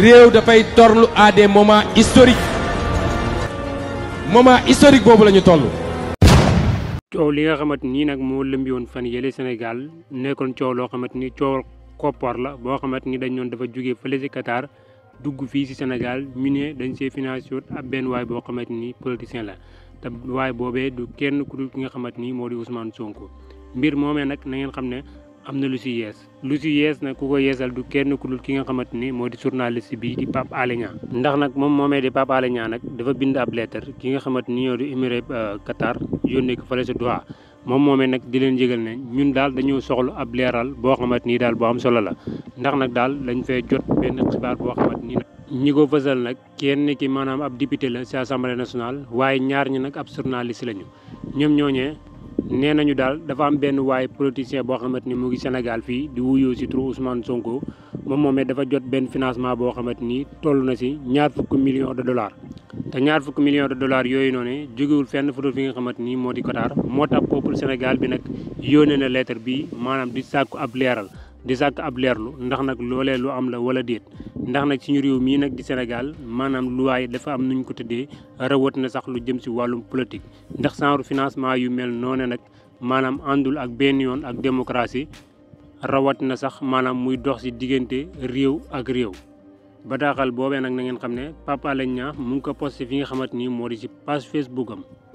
réew dafay torlu à des moments historiques moment historique boobu lañu ñu toll. coow li nga xamante nii nag moo lëmbi fan yële Sénégal nekkoon coow loo xamante ni coow koppoor la boo xamante ni dañ doon dafa jóge fële si Qatar dugg fii ci Sénégal ñu ne dañ see financé ab benn waay boo xamante ni politicien la te waay boobee du kenn ku dul ki nga xamante ni moo di Ousmane Sonko mbir moomee nag na xam ne. am na lu si yees lu si yees nag ku ko yeesal du kenn ku dul ki nga xamante ni moo di journaliste bi di pap Alé Niang ndax nag moom moomee di Pape Alé nag dafa bind ab lettre ki nga xamante ni ñoo di émiré euh, Qatar yónnee ko fële sa Doha moom moomee nag di leen yëgal ne ñun daal dañu soxla ab leeral boo xamante ni daal boo am solo la ndax nag daal dañ fee jot benn xibaar boo xamante ni ñi ko fësal nag kenn ki maanaam ab député la si assemblée nationale waaye ñaar ñi nag ab journaliste lañu ñoom ñooñee nee nañu daal dafa am benn waaye politicien boo xamante ni mu ngi Sénégal fii di wuyoo si turu Ousmane Sonko moom moomee dafa jot benn financement boo xamante ni toll na si ñaar fukki millions de dollars. te ñaar fukki millions de dollars yooyu noonu jógewul fenn fu fi nga xamante ni moo di Qatar moo tax peuple Sénégal bi nag yónnee na lettre bi maanaam di sàkku ab leeral. di sàkk ab leerlu ndax nag loolee lu am la wala déet ndax nag suñu réew mii nag di senegal maanaam luwaay dafa am nuñ ko tëddee rawat na sax lu jëm si wàllum politique ndax genre financement yu mel noone nag maanaam àndul ak benn yoon ak démocratie rawat na sax maanaam muy dox si diggante réew ak réew bataaxal boobee nag na ngeen xam ne Pape Alé mu ngi ko posté fi nga xamante ni moo di si page Facebook am